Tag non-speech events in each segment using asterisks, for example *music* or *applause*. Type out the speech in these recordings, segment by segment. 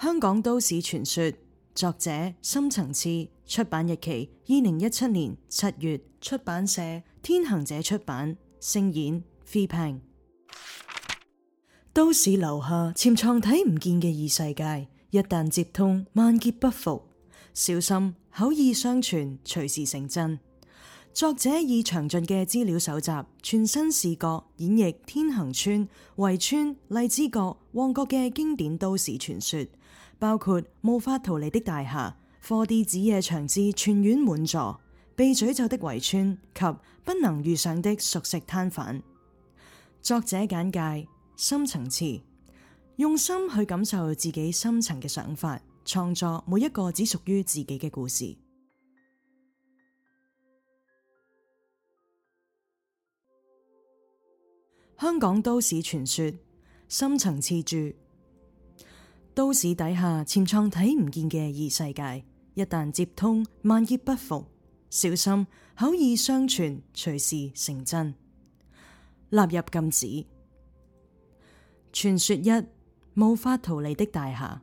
香港都市傳說，作者心層次，出版日期二零一七年七月，出版社天行者出版，聲演 Vi Pang。都市底下潛藏睇唔見嘅異世界，一旦接通，萬劫不復。小心口耳相傳，隨時成真。作者以詳盡嘅資料搜集，全新視角演繹天恒邨、圍村、荔枝角、旺角嘅經典都市傳說。包括無法逃離的大廈、4D 子夜場之、全院滿座、被詛咒的圍村及不能遇上的熟食攤販。作者簡介：心層次，用心去感受自己深層嘅想法，創作每一個只屬於自己嘅故事。香港都市傳說：心層次著。都市底下潛藏睇唔見嘅異世界，一旦接通，萬劫不復。小心口耳相傳，隨時成真。納入禁止。傳說一，無法逃離的大廈。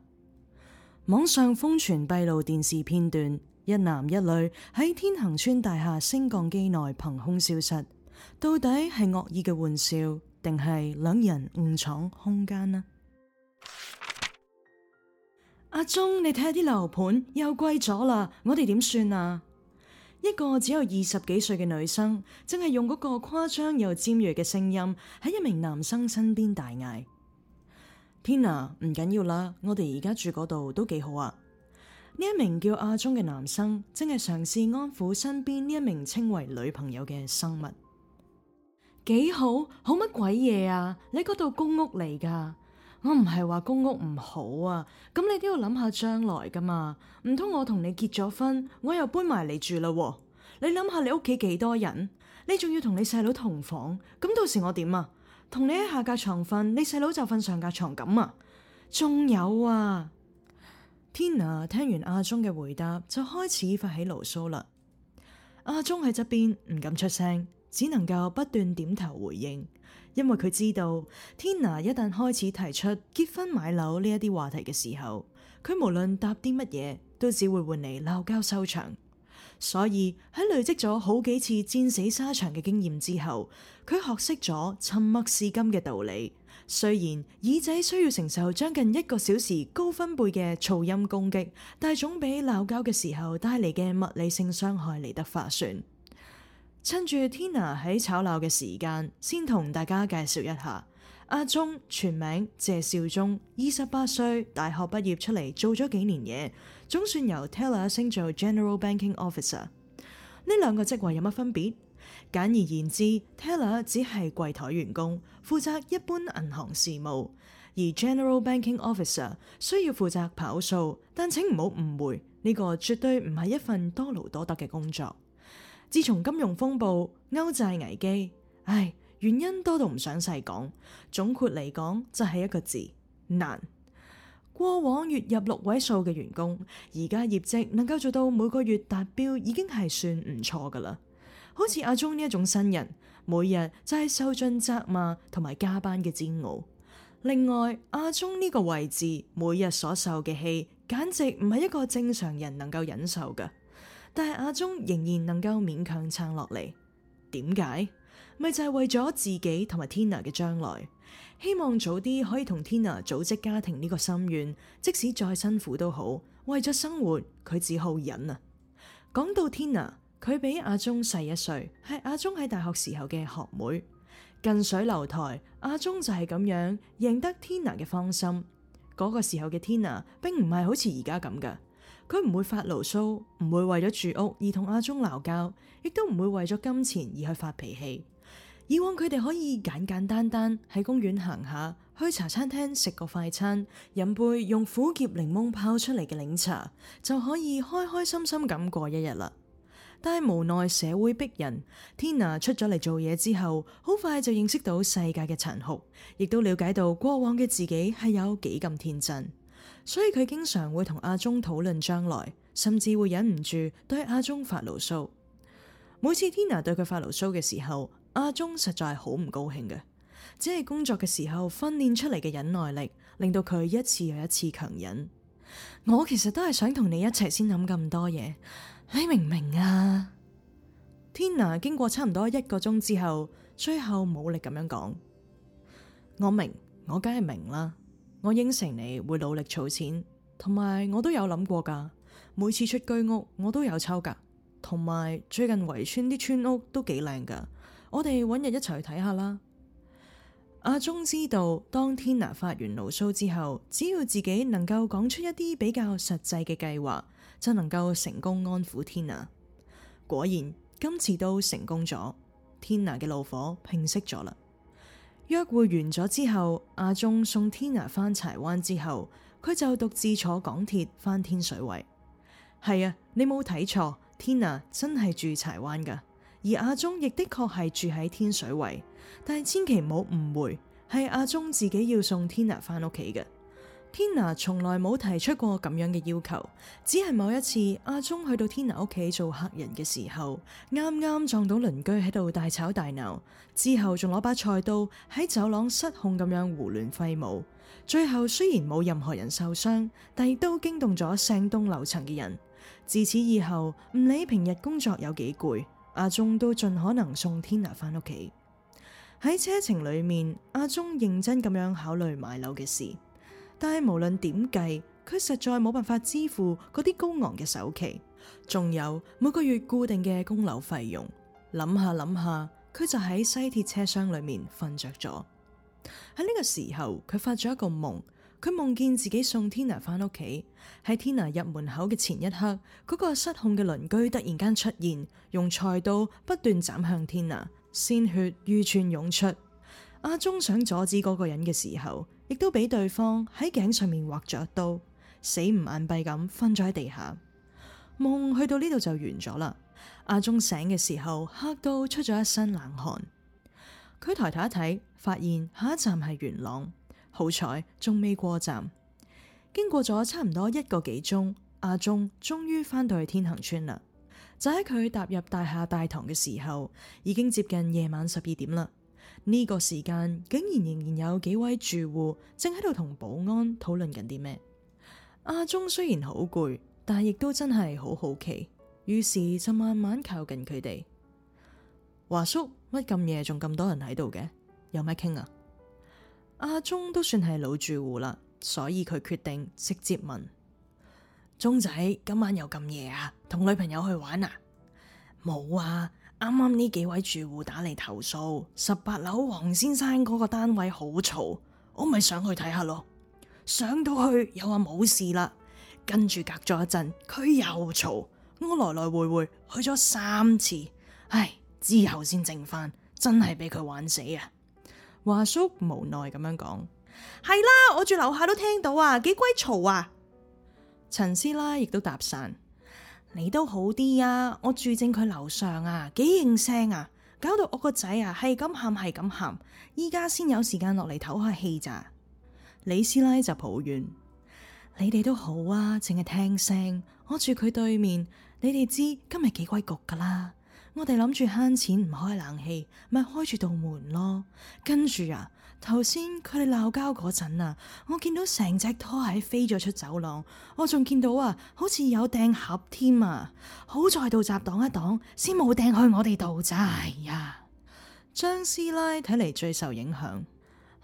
網上瘋傳閉路電視片段，一男一女喺天恒邨大廈升降機內憑空消失，到底係惡意嘅玩笑，定係兩人誤闖凶間呢？阿忠，你睇下啲樓盤又貴咗啦，我哋點算啊？一個只有二十幾歲嘅女生，正係用嗰個誇張又尖銳嘅聲音喺一名男生身邊大嗌：天啊，唔緊要啦，我哋而家住嗰度都幾好啊！呢一名叫阿忠嘅男生，正係嘗試安撫身邊呢一名稱為女朋友嘅生物。幾好？好乜鬼嘢啊？你嗰度公屋嚟噶？我唔係話公屋唔好啊，咁你都要諗下將來噶嘛？唔通我同你結咗婚，我又搬埋嚟住啦？啊？你諗下你屋企幾多人？你仲要同你細佬同房，咁到時我點啊？同你喺下格床瞓，你細佬就瞓上格床咁啊？仲有啊！Tina！聽完阿忠嘅回答，就開始發起牢騷啦。阿忠喺側邊唔敢出聲，只能夠不斷點頭回應。因為佢知道，Tina 一旦開始提出結婚買樓呢一啲話題嘅時候，佢無論答啲乜嘢，都只會換嚟鬧交收場。所以喺累積咗好幾次戰死沙場嘅經驗之後，佢學識咗沉默是金嘅道理。雖然耳仔需要承受將近一個小時高分貝嘅噪音攻擊，但係總比鬧交嘅時候帶嚟嘅物理性傷害嚟得划算。趁住 Tina 喺吵鬧嘅時間，先同大家介紹一下阿鍾，全名謝少忠，二十八歲，大學畢業出嚟做咗幾年嘢，總算由 Teller 升做 General Banking Officer。呢兩個職位有乜分別？簡而言之，Teller 只係櫃台員工，負責一般銀行事務；而 General Banking Officer 需要負責跑數。但請唔好誤會，呢個絕對唔係一份多勞多得嘅工作。自從金融風暴、歐債危機，唉，原因多到唔想細講。總括嚟講，就係一個字，難。過往月入六位數嘅員工，而家業績能夠做到每個月達標，已經係算唔錯噶啦。好似阿忠呢一種新人，每日就係受盡責罵同埋加班嘅煎熬。另外，阿忠呢個位置，每日所受嘅氣，簡直唔係一個正常人能夠忍受噶。但係阿忠仍然能夠勉強撐落嚟，點解？咪就係為咗自己同埋 Tina 嘅將來，希望早啲可以同 Tina 組織家庭呢個心願，即使再辛苦都好，為咗生活佢只好忍啊！講到 Tina，佢比阿忠細一歲，係阿忠喺大學時候嘅學妹，近水樓台，阿忠就係咁樣贏得 Tina 嘅芳心。嗰個時候嘅 Tina，並唔係好似而家咁噶。佢唔會發牢騷，唔會為咗住屋而同阿忠鬧交，亦都唔會為咗金錢而去發脾氣。以往佢哋可以簡簡單單喺公園行下，去茶餐廳食個快餐，飲杯用苦澀檸檬泡出嚟嘅檸茶，就可以開開心心咁過一日啦。但係無奈社會逼人，Tina 出咗嚟做嘢之後，好快就認識到世界嘅殘酷，亦都了解到過往嘅自己係有幾咁天真。所以佢經常會同阿忠討論將來，甚至會忍唔住對阿忠發牢騷。每次 Tina 對佢發牢騷嘅時候，阿忠實在好唔高興嘅。只係工作嘅時候訓練出嚟嘅忍耐力，令到佢一次又一次強忍。 *noise* 我其實都係想同你一齊先諗咁多嘢，你明唔明啊？Tina 經過差唔多一個鐘之後，最後冇力咁樣講，我明，我梗係明啦。我應承你會努力儲錢，同埋我都有諗過㗎。每次出居屋我都有抽㗎，同埋最近圍村啲村屋都幾靚㗎。我哋搵日一齊去睇下啦。阿忠知道，當天娜發完牢騷之後，只要自己能夠講出一啲比較實際嘅計劃，就能夠成功安撫天娜。果然，今次都成功咗，天娜嘅怒火平息咗啦。約會完咗之後，阿忠送 Tina 返柴灣之後，佢就獨自坐港鐵返天水圍。係啊，你冇睇錯，Tina 真係住柴灣噶，而阿忠亦的確係住喺天水圍。但係千祈唔好誤會，係阿忠自己要送 Tina 返屋企嘅。Tina 從來冇提出過咁樣嘅要求，只係某一次阿忠去到 Tina 屋企做客人嘅時候，啱啱撞到鄰居喺度大吵大鬧，之後仲攞把菜刀喺走廊失控咁樣胡亂揮舞。最後雖然冇任何人受傷，但亦都驚動咗整棟樓層嘅人。自此以後，唔理平日工作有幾攰，阿忠都盡可能送 Tina 返屋企。喺車程裏面，阿忠認真咁樣考慮買樓嘅事。但係無論點計，佢實在冇辦法支付嗰啲高昂嘅首期，仲有每個月固定嘅供樓費用。諗下諗下，佢就喺西鐵車廂裏面瞓着咗。喺呢個時候，佢發咗一個夢，佢夢見自己送 Tina 返屋企，喺 Tina 入門口嘅前一刻，嗰個失控嘅鄰居突然間出現，用菜刀不斷斬向 Tina，鮮血如泉湧，湧出。阿忠想阻止嗰個人嘅時候，亦都俾對方喺頸上面劃咗一刀，死唔眼閉咁瞓咗喺地下。夢去到呢度就完咗啦。阿忠醒嘅時候，嚇到出咗一身冷汗。佢抬頭一睇，發現下一站係元朗，好彩仲未過站。經過咗差唔多一個幾鐘，阿忠終於翻到去天恒邨啦。就喺佢踏入大廈大堂嘅時候，已經接近夜晚十二點啦。呢個時間竟然仍然有幾位住戶正喺度同保安討論緊啲咩？阿鍾雖然好攰，但係亦都真係好好奇，於是就慢慢靠近佢哋。華叔，乜咁夜仲咁多人喺度嘅？有咩傾啊？阿鍾都算係老住戶啦，所以佢決定直接問，鍾仔，今晚又咁夜啊，同女朋友去玩啊？冇啊！啱啱呢幾位住戶打嚟投訴，十八樓黃先生嗰個單位好嘈，我咪上去睇下咯。上到去又話冇事啦，跟住隔咗一陣佢又嘈，我來來回回去咗三次，唉，之後先靜翻，真係俾佢玩死啊！華叔無奈咁樣講：係啦，我住樓下都聽到啊，幾鬼嘈啊！陳師奶亦都搭訕。你都好啲啊！我住正佢樓上啊，幾應聲啊，搞到我個仔啊係咁喊係咁喊，依家先有時間落嚟唞下氣咋？李師奶就抱怨：你哋都好啊，淨係聽聲。我住佢對面，你哋知今日幾鬼焗噶啦！我哋諗住慳錢唔開冷氣，咪開住道門咯。跟住啊，頭先佢哋鬧交嗰陣啊，我見到成隻拖鞋飛咗出走廊，我仲見到啊，好似有掟盒添啊。好在道閘擋一擋，先冇掟去我哋度咋。哎呀。張師奶睇嚟最受影響，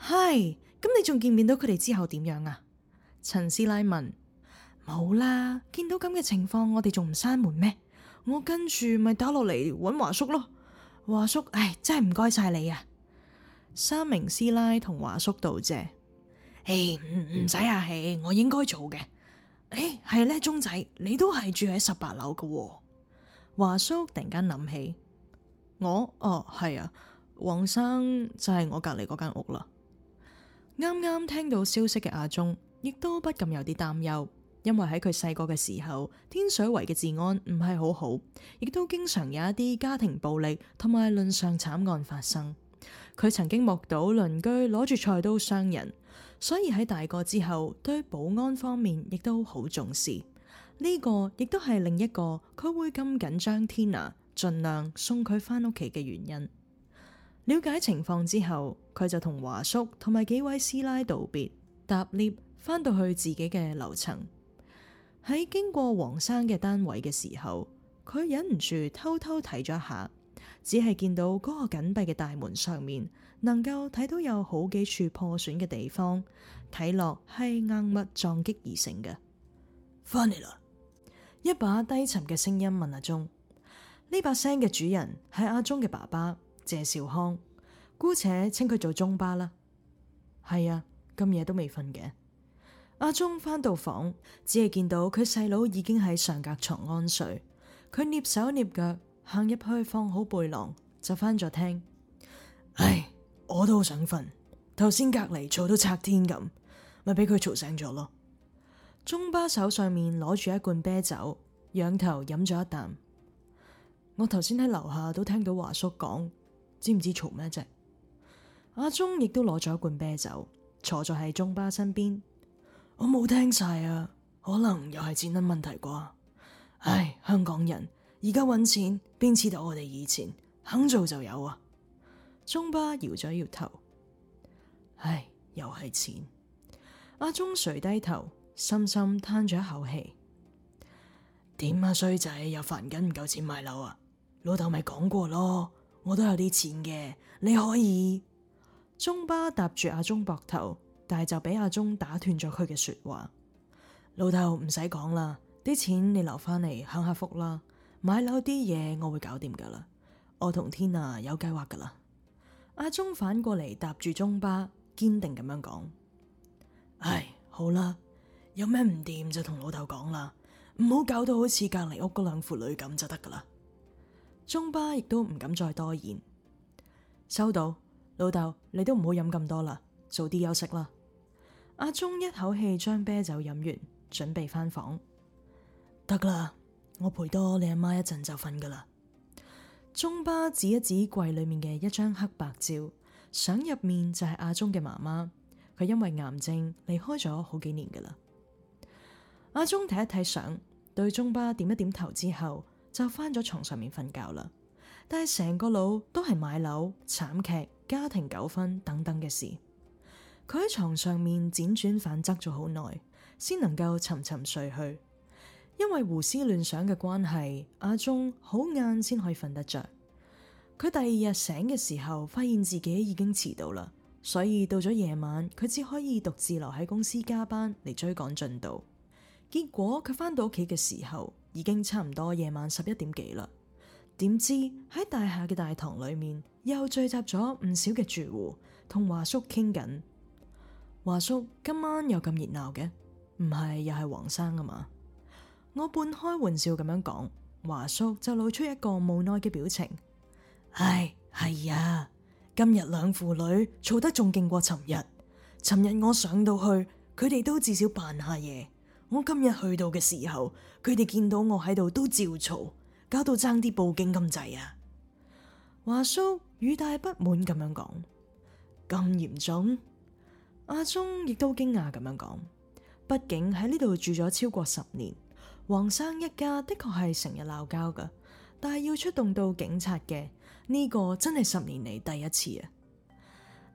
係、哎、咁你仲見唔見到佢哋之後點樣啊？陳師奶問。冇啦，見到咁嘅情況，我哋仲唔閂門咩？我跟住咪打落嚟揾華叔咯，華叔，唉，真係唔該晒你啊！三名師奶同華叔道謝。唉，唔唔使啊，係我應該做嘅。唉，係咧，鍾仔，你都係住喺十八樓嘅。華叔突然間諗起，我，哦，係啊，黃生就係我隔籬嗰間屋啦。啱啱聽到消息嘅阿鍾，亦都不禁有啲擔憂。因為喺佢細個嘅時候，天水圍嘅治安唔係好好，亦都經常有一啲家庭暴力同埋倫常慘案發生。佢曾經目睹鄰居攞住菜刀傷人，所以喺大個之後對保安方面亦都好重視。呢個亦都係另一個佢會咁緊張 Tina，盡量送佢返屋企嘅原因。了解情況之後，佢就同華叔同埋幾位師奶道別，搭 lift 返到去自己嘅樓層。喺經過黃生嘅單位嘅時候，佢忍唔住偷偷睇咗下，只係見到嗰個緊閉嘅大門上面，能夠睇到有好幾處破損嘅地方，睇落係硬物撞擊而成嘅。翻嚟啦！一把低沉嘅聲音問阿鍾，呢把聲嘅主人係阿鍾嘅爸爸謝兆康，姑且稱佢做鍾爸啦。係啊，咁夜都未瞓嘅。阿忠返到房，只係見到佢細佬已經喺上格床安睡。佢躡手躡腳行入去，放好背囊，就返咗廳。唉，我都好想瞓。頭先隔籬嘈到拆天咁，咪畀佢嘈醒咗咯。中巴手上面攞住一罐啤酒，仰頭飲咗一啖。我頭先喺樓下都聽到華叔講，知唔知嘈咩啫？阿忠亦都攞咗一罐啤酒，坐咗喺中巴身邊。我冇聽晒啊，可能又係錢銀問題啩。唉，香港人而家搵錢，邊知道我哋以前，肯做就有啊。中巴搖咗搖頭，唉，又係錢。阿鍾垂低頭，深深嘆咗一口氣。點、嗯、啊衰仔又煩緊唔夠錢買樓啊？老豆咪講過咯，我都有啲錢嘅，你可以。中巴搭住阿鍾膊頭。但係就俾阿忠打斷咗佢嘅說話，老豆唔使講啦，啲錢你留翻嚟，享下福啦，買樓啲嘢，我會搞掂噶啦，我同天啊有計劃噶啦。阿忠反過嚟，搭住中巴，堅定咁樣講：唉，好啦，有咩唔掂就同老豆講啦，唔好搞到好似隔籬屋嗰兩父女咁就得噶啦。中巴亦都唔敢再多言，收到，老豆你都唔好飲咁多啦，早啲休息啦。阿忠一口氣將啤酒飲完，準備返房。得啦，我陪多你阿媽一陣就瞓噶啦。忠爸指一指櫃裏面嘅一張黑白照，相入面就係阿忠嘅媽媽，佢因為癌症離開咗好幾年噶啦。阿忠睇一睇相，對忠爸點一點頭之後，就返咗床上面瞓覺啦。但係成個腦都係買樓、慘劇、家庭糾紛等等嘅事。佢喺床上面輾轉反側咗好耐，先能夠沉沉睡去。因為胡思亂想嘅關係，阿忠好晏先可以瞓得着。佢第二日醒嘅時候，發現自己已經遲到啦，所以到咗夜晚，佢只可以獨自留喺公司加班嚟追趕進度。結果佢翻到屋企嘅時候，已經差唔多夜晚十一點幾啦。點知喺大廈嘅大堂裏面又聚集咗唔少嘅住戶，同華叔傾緊。華叔，今晚又咁熱鬧嘅，唔係又係黃生啊嘛？我半開玩笑咁樣講，華叔就露出一個無奈嘅表情。 *music* 唉，係啊，今日兩父女吵得仲勁過尋日。尋日我上到去，佢哋都至少扮下嘢。我今日去到嘅時候，佢哋見到我喺度都照嘈，搞到爭啲報警咁滯啊！華叔語帶不滿咁樣講。咁嚴重？阿忠亦都驚訝咁樣講，畢竟喺呢度住咗超過十年，黃生一家的確係成日鬧交㗎，但係要出動到警察嘅，呢個真係十年嚟第一次啊！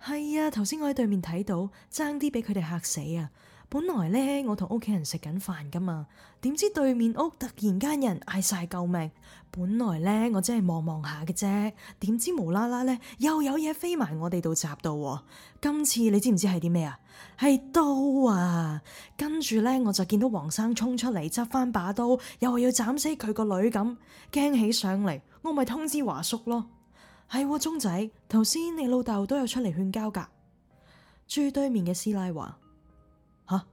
係啊，頭先我喺對面睇到，爭啲俾佢哋嚇死啊！本來呢，我同屋企人食緊飯噶嘛，點知對面屋突然間人嗌晒救命。本來呢，我真係望望下嘅啫，點知無啦啦呢，又有嘢飛埋我哋度閘到。今次你知唔知係啲咩啊？係刀啊！跟住呢，我就見到黃生衝出嚟執翻把刀，又係要斬死佢個女咁，驚起上嚟，我咪通知華叔咯。係喎，鐘仔，頭先你老豆都有出嚟勸交噶。住對面嘅師奶話。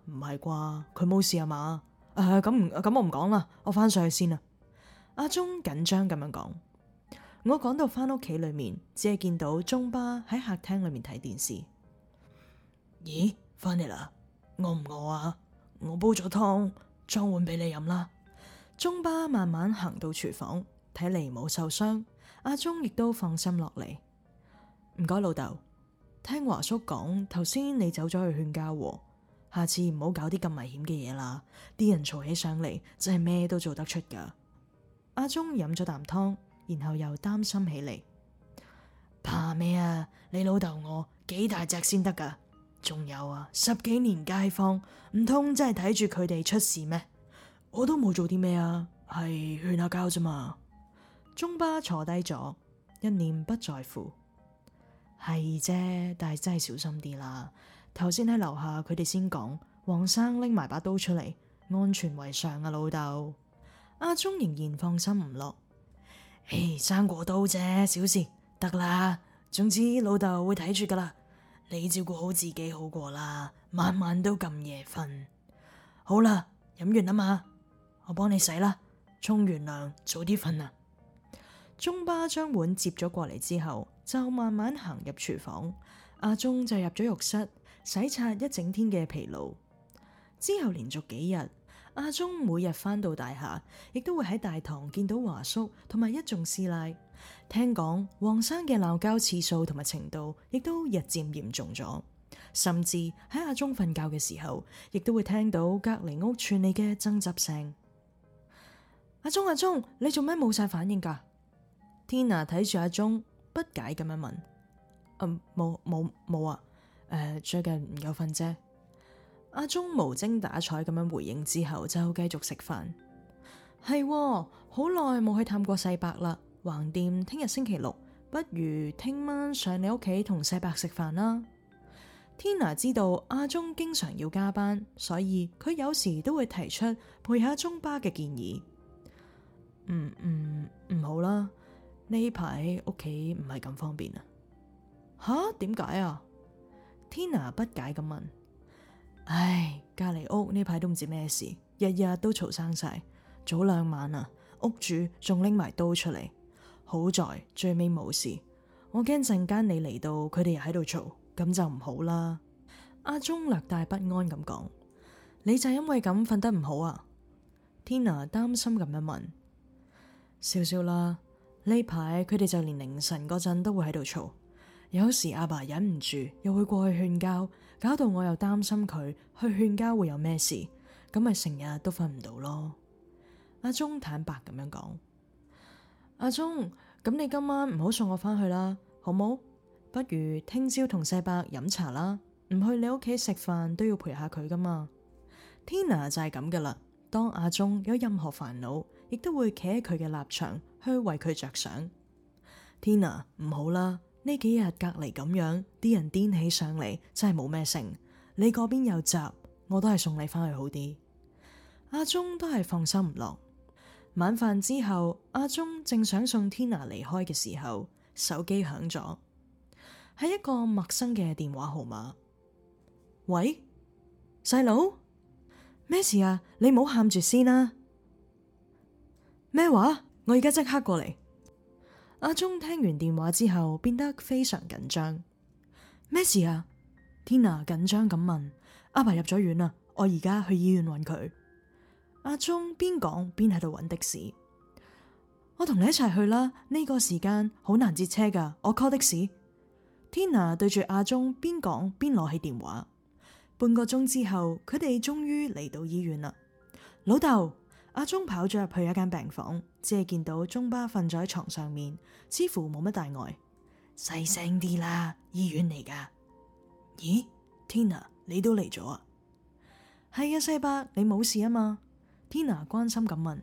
唔係啩？佢冇事啊嘛？誒，咁咁，我唔講啦。我翻上去先啦。阿忠緊張咁樣講。我講到翻屋企裏面，只係見到中巴喺客廳裏面睇電視。咦，翻嚟啦？餓唔餓啊？我煲咗湯，裝碗俾你飲啦。中巴慢慢行到廚房，睇嚟冇受傷。阿忠亦都放心落嚟。唔該老豆。聽華叔講，頭先你走咗去勸交。下次唔好搞啲咁危險嘅嘢啦，啲人嘈起上嚟，真係咩都做得出㗎。阿忠飲咗啖湯，然後又擔心起嚟，怕咩啊？你老豆我幾大隻先得㗎？仲有啊，十幾年街坊，唔通真係睇住佢哋出事咩？我都冇做啲咩啊，係勸吓交啫嘛。鍾伯坐低咗，一臉不在乎，係啫，但係真係小心啲啦。頭先喺樓下，佢哋先講，黃生拎埋把刀出嚟，安全為上啊，老豆。阿忠仍然放心唔落，唉，生果刀啫，小事得啦。總之老豆會睇住噶啦，你照顧好自己好過啦，晚晚都咁夜瞓。好啦，飲完啊嘛，我幫你洗啦，沖完涼早啲瞓啊。忠爸將碗接咗過嚟之後，就慢慢行入廚房，阿忠就入咗浴室。洗刷一整天嘅疲勞之後，連續幾日，阿忠每日翻到大廈，亦都會喺大堂見到華叔同埋一眾師奶。聽講黃生嘅鬧交次數同埋程度，亦都日漸嚴重咗。甚至喺阿忠瞓覺嘅時候，亦都會聽到隔籬屋串你嘅爭執聲。阿忠，阿忠，你做咩冇晒反應噶？天娜睇住阿忠，不解咁樣問。嗯，冇，冇，冇啊！Uh, 最近唔夠瞓啫。阿忠無精打采咁樣回應之後，就繼續食飯。係喎，好耐冇去探過世伯啦。橫掂，聽日星期六，不如聽晚上上你屋企同世伯食飯啦。Tina 知道阿忠經常要加班，所以佢有時都會提出陪下中巴嘅建議。嗯嗯，唔好啦，呢排屋企唔係咁方便啊。吓，點解啊？Tina 不解咁問：，唉，隔籬屋呢排都唔知咩事，日日都嘈生晒，早兩晚啊，屋主仲拎埋刀出嚟，好在最尾冇事。我驚陣間你嚟到，佢哋又喺度嘈，咁就唔好啦。阿忠略帶不安咁講：，你就因為咁瞓得唔好啊？Tina 擔心咁樣問：，笑笑啦，呢排佢哋就連凌晨嗰陣都會喺度嘈。有時阿爸，爸忍唔住，又會過去勸交，搞到我又擔心佢去勸交會有咩事，咁咪成日都瞓唔到咯。阿忠坦白咁樣講：，阿忠，咁你今晚唔好送我翻去啦，好冇？不如聽朝同細伯飲茶啦，唔去你屋企食飯都要陪下佢噶嘛。Tina 就係咁噶啦，當阿忠有任何煩惱，亦都會企喺佢嘅立場去為佢着想。Tina 唔好啦。呢幾日隔離咁樣，啲人癲起上嚟，真係冇咩性。你嗰邊又雜，我都係送你翻去好啲。阿忠都係放心唔落。晚飯之後，阿忠正想送 Tina 離開嘅時候，手機響咗，係一個陌生嘅電話號碼。喂，細佬，咩事啊？你唔好喊住先啦，啊。咩話？我而家即刻過嚟。阿忠聽完電話之後變得非常緊張。咩事啊？Tina 緊張咁問。阿爸，爸入咗院啦，我而家去醫院揾佢。阿忠邊講邊喺度揾的士。我同你一齊去啦，呢、這個時間好難截車噶，我 call 的士。Tina 對住阿忠邊講邊攞起電話。半個鐘之後，佢哋終於嚟到醫院啦。老豆。阿忠跑咗入去一間病房，只係見到鐘巴瞓咗喺床上面，似乎冇乜大礙。細聲啲啦，醫院嚟噶。咦，Tina，你都嚟咗啊？係啊， *laughs* 世伯，你冇事啊嘛？Tina 關心咁問。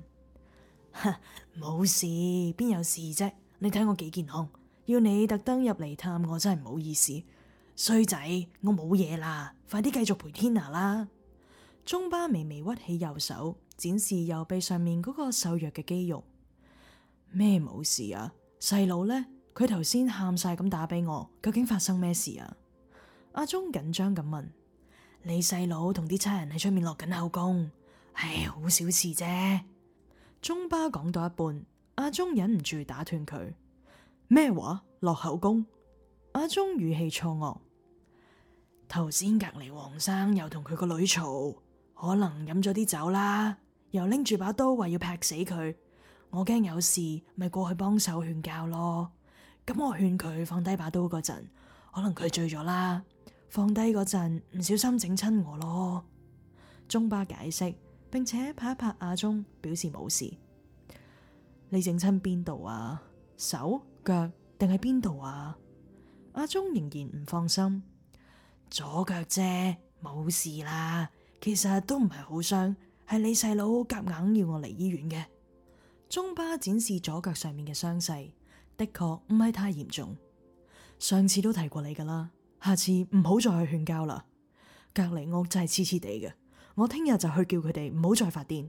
冇 *laughs* 事，邊有事啫？你睇我幾健康，要你特登入嚟探我，真係唔好意思。衰仔，我冇嘢啦，快啲繼續陪 Tina 啦。鐘巴微微屈起右手。展示右臂上面嗰個瘦弱嘅肌肉，咩冇事啊？細佬呢？佢頭先喊曬咁打俾我，究竟發生咩事啊？阿忠緊張咁問：你細佬同啲差人喺出面落緊口供，唉，好小事啫。中巴講到一半，阿忠忍唔住打斷佢：咩話？落口供？阿忠語氣錯愕，頭先隔籬黃生又同佢個女嘈，可能飲咗啲酒啦。又拎住把刀，話要劈死佢，我驚有事，咪過去幫手勸教咯。咁我勸佢放低把刀嗰陣，可能佢醉咗啦，放低嗰陣唔小心整親我咯。中巴解釋，並且拍一拍阿鍾，表示冇事。你整親邊度啊？手、腳定係邊度啊？阿鍾仍然唔放心。左腳啫，冇事啦，其實都唔係好傷。係你細佬夾硬要我嚟醫院嘅。中巴展示左腳上面嘅傷勢，的確唔係太嚴重。上次都提過你噶啦，下次唔好再去勸交啦。隔籬屋真係黐黐地嘅，我聽日就去叫佢哋唔好再發癲。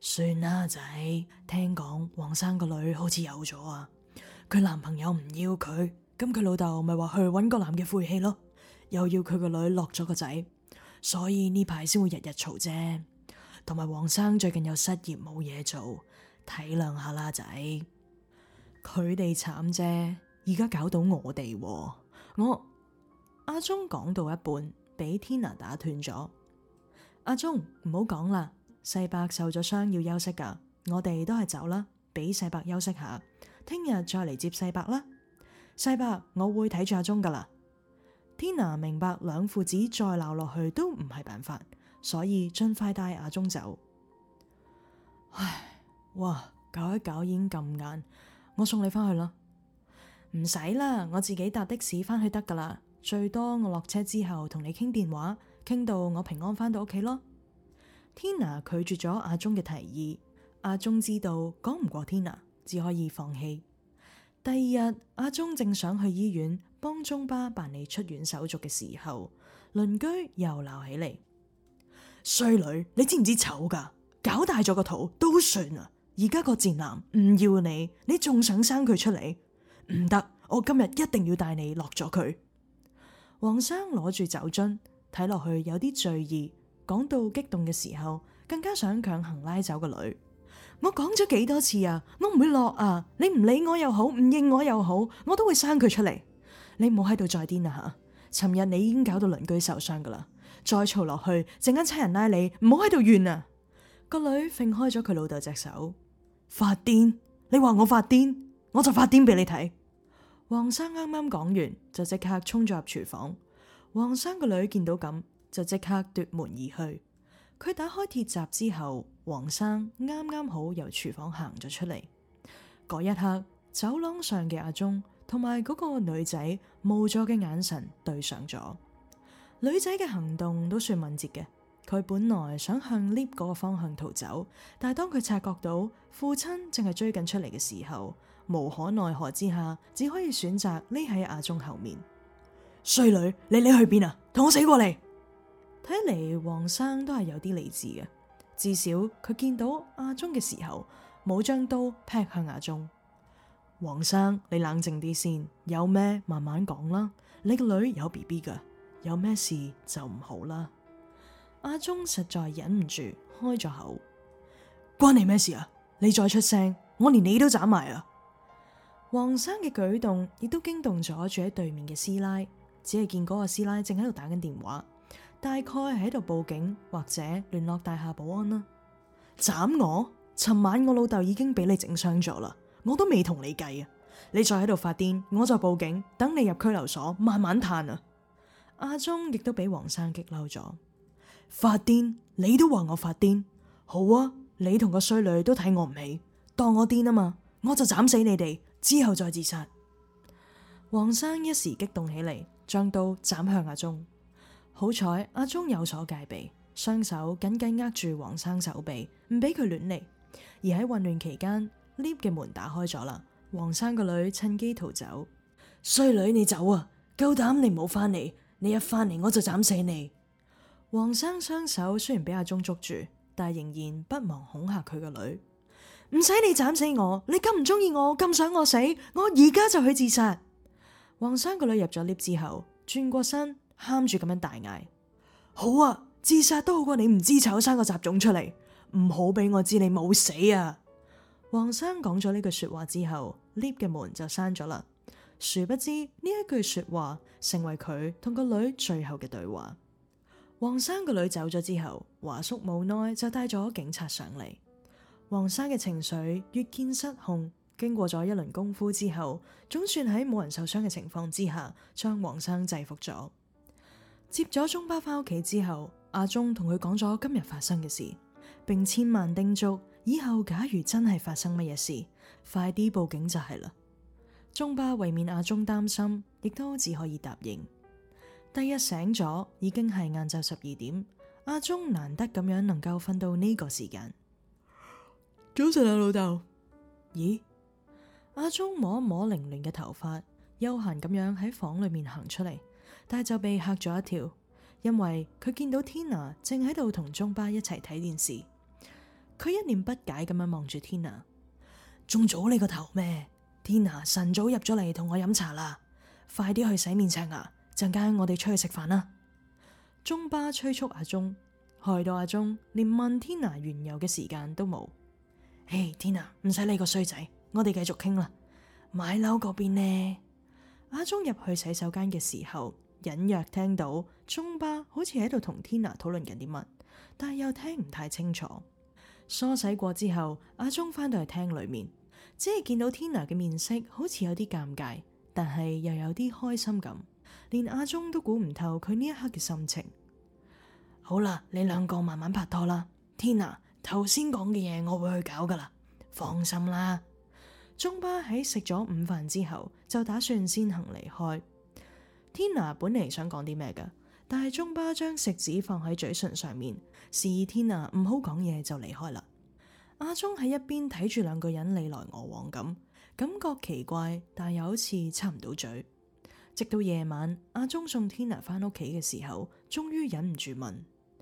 算啦，仔，聽講黃生個女好似有咗啊，佢男朋友唔要佢，咁佢老豆咪話去搵個男嘅晦氣咯，又要佢個女落咗個仔，所以呢排先會日日嘈啫。同埋黃生最近又失業冇嘢做，體諒下啦，仔。佢哋慘啫，而家搞到我哋我阿忠講到一半，俾 Tina 打斷咗。阿忠，唔好講啦，世伯受咗傷要休息噶，我哋都係走啦，俾世伯休息下，聽日再嚟接世伯啦。世伯，我會睇住阿忠噶啦。Tina 明白兩父子再鬧落去都唔係辦法。所以盡快帶阿忠走。唉，哇，搞一搞已經咁晏，我送你返去啦。唔使啦，我自己搭的士返去得㗎啦。最多我落車之後同你傾電話，傾到我平安返到屋企咯。Tina 拒絕咗阿忠嘅提議，阿忠知道講唔過 Tina，只可以放棄。第二日，阿忠正想去醫院幫中巴辦理出院手續嘅時候，鄰居又鬧起嚟。衰女，你知唔知醜噶？搞大咗個肚都算啊！而家個賤男唔要你，你仲想生佢出嚟？唔得，我今日一定要帶你落咗佢。黃、嗯、生攞住酒樽，睇落去有啲醉意。講到激動嘅時候，更加想強行拉走個女。我講咗幾多次啊？我唔會落啊！你唔理我又好，唔認我又好，我都會生佢出嚟。你唔好喺度再癲啦吓！尋日你已經搞到鄰居受傷噶啦。再嘈落去，陣間差人拉你，唔好喺度怨啊！個女揈開咗佢老豆隻手，發癲！你話我發癲，我就發癲俾你睇。黃生啱啱講完，就即刻沖咗入廚房。黃生個女見到咁，就即刻奪門而去。佢打開鐵閘之後，黃生啱啱好由廚房行咗出嚟。嗰一刻，走廊上嘅阿鍾同埋嗰個女仔無咗嘅眼神對上咗。女仔嘅行動都算敏捷嘅。佢本來想向 lift 嗰個方向逃走，但係當佢察覺到父親正係追緊出嚟嘅時候，無可奈何之下，只可以選擇匿喺阿忠後面。衰女，你匿去邊啊？同我死過嚟。睇嚟黃生都係有啲理智嘅，至少佢見到阿忠嘅時候，冇將刀劈向阿忠。黃生，你冷靜啲先，有咩慢慢講啦。你個女有 BB 噶。有咩事就唔好啦。阿忠實在忍唔住開咗口，關你咩事啊？你再出聲，我連你都斬埋啊！黃生嘅舉動亦都驚動咗住喺對面嘅師奶，只係見嗰個師奶正喺度打緊電話，大概係喺度報警或者聯絡大廈保安啦。斬我？尋晚我老豆已經俾你整傷咗啦，我都未同你計啊！你再喺度發癲，我就報警，等你入拘留所，慢慢嘆啊！阿忠亦都俾黃生激嬲咗，發癲，你都話我發癲，好啊，你同個衰女都睇我唔起，當我癲啊嘛，我就斬死你哋之後再自殺。黃生一時激動起嚟，將刀斬向阿忠。好彩阿忠有所戒備，雙手緊緊握住黃生手臂，唔俾佢亂嚟。而喺混亂期間，lift 嘅門打開咗啦，黃生個女趁機逃走。衰女，你走啊，夠膽你冇翻嚟！你一翻嚟我就斬死你！黃生雙手雖然俾阿忠捉住，但仍然不忘恐吓佢個女。唔使你斬死我，你咁唔中意我，咁想我死，我而家就去自殺。黃生個女入咗 lift 之後，轉過身喊住咁樣大嗌：好啊，自殺都好過你唔知醜生個雜種出嚟，唔好俾我知你冇死啊！黃生講咗呢句說話之後，lift 嘅門就閂咗啦。殊不知呢一句說話成為佢同個女最後嘅對話。黃生個女走咗之後，華叔無奈就帶咗警察上嚟。黃生嘅情緒越見失控，經過咗一輪功夫之後，總算喺冇人受傷嘅情況之下，將黃生制服咗。接咗鍾爸翻屋企之後，阿鍾同佢講咗今日發生嘅事，並千萬叮囑以後假如真係發生乜嘢事，快啲報警就係啦。鍾爸為免阿鍾擔心，亦都只可以答應。第一醒咗，已經係晏晝十二點。阿鍾難得咁樣能夠瞓到呢個時間。早晨啊，老豆。咦？阿鍾摸一摸凌亂嘅頭髮，悠閒咁樣喺房裏面行出嚟，但係就被嚇咗一跳，因為佢見到 Tina 正喺度同鍾爸一齊睇電視。佢一臉不解咁樣望住 Tina，中咗你個頭咩？天娜，晨早入咗嚟同我飲茶啦！快啲去洗面刷牙，陣間我哋出去食飯啦！鍾爸催促阿鍾，害到阿鍾連問天娜，緣由嘅時間都冇。唉，天娜，唔使理個衰仔，我哋繼續傾啦。買樓嗰邊呢？阿鍾入去洗手間嘅時候，隱約聽到鍾爸好似喺度同天娜討論緊啲乜，但又聽唔太清楚。梳洗過之後，阿鍾翻到去廳裏面。只係見到 Tina 嘅面色好似有啲尷尬，但係又有啲開心咁，連阿忠都估唔透佢呢一刻嘅心情。好啦，你兩個慢慢拍拖啦。Tina 頭先講嘅嘢，我會去搞噶啦，放心啦。中巴喺食咗午飯之後就打算先行離開。Tina 本嚟想講啲咩㗎，但係中巴將食指放喺嘴唇上面，示意 Tina 唔好講嘢就離開啦。阿忠喺一邊睇住兩個人你來我往咁，感覺奇怪，但又好似插唔到嘴。直到夜晚，阿忠送 Tina 返屋企嘅時候，終於忍唔住問：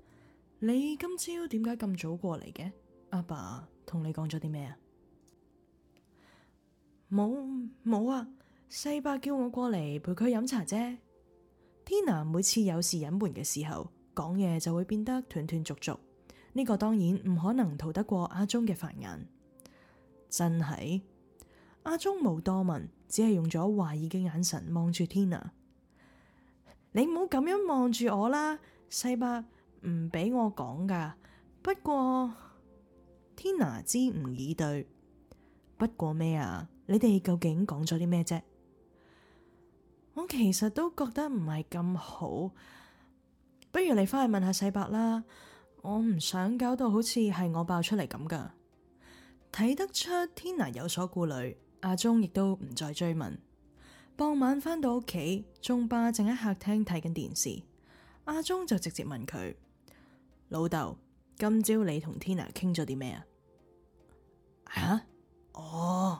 *noise* 你今朝點解咁早過嚟嘅？阿爸同你講咗啲咩啊？冇冇啊，世伯叫我過嚟陪佢飲茶啫。 *noise* Tina 每次有事隱瞞嘅時候，講嘢就會變得斷斷續續，續。呢個當然唔可能逃得過阿忠嘅法眼，真係阿忠冇多問，只係用咗懷疑嘅眼神望住天娜。你唔好咁樣望住我啦，世伯唔俾我講噶。不過天娜知唔以對，不過咩啊？你哋究竟講咗啲咩啫？我其實都覺得唔係咁好，不如你返去問下世伯啦。我唔想搞到好似係我爆出嚟咁噶。睇得出 Tina 有所顧慮，阿忠亦都唔再追問。傍晚返到屋企，仲爸正喺客廳睇緊電視，阿忠就直接問佢：老豆，今朝你同 Tina 傾咗啲咩啊？吓？哦，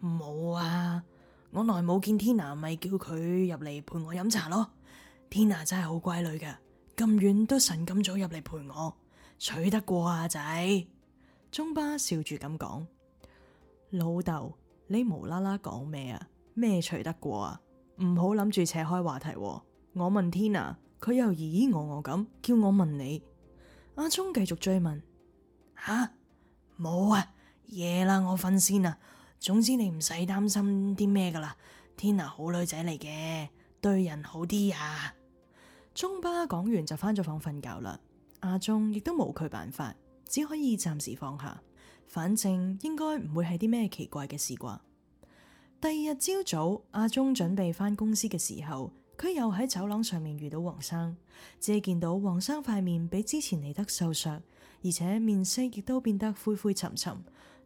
冇啊，我耐冇見 Tina，咪叫佢入嚟陪我飲茶咯。Tina 真係好乖女噶。咁遠都神咁早入嚟陪我，娶得過啊仔？中巴笑住咁講：老豆，你無啦啦講咩啊？咩娶得過啊？唔好諗住扯開話題。我問 Tina，佢又疑疑我我咁，呃呃呃呃叫我問你。阿忠繼續追問：吓，冇啊，夜啦，我瞓先啊。總之你唔使擔心啲咩噶啦，Tina 好女仔嚟嘅，對人好啲啊。中巴講完就返咗房瞓覺啦，阿忠亦都冇佢辦法，只可以暫時放下。反正應該唔會係啲咩奇怪嘅事啩。第二日朝早，阿忠準備翻公司嘅時候，佢又喺走廊上面遇到黃生，只係見到黃生塊面比之前嚟得瘦削，而且面色亦都變得灰灰沉沉，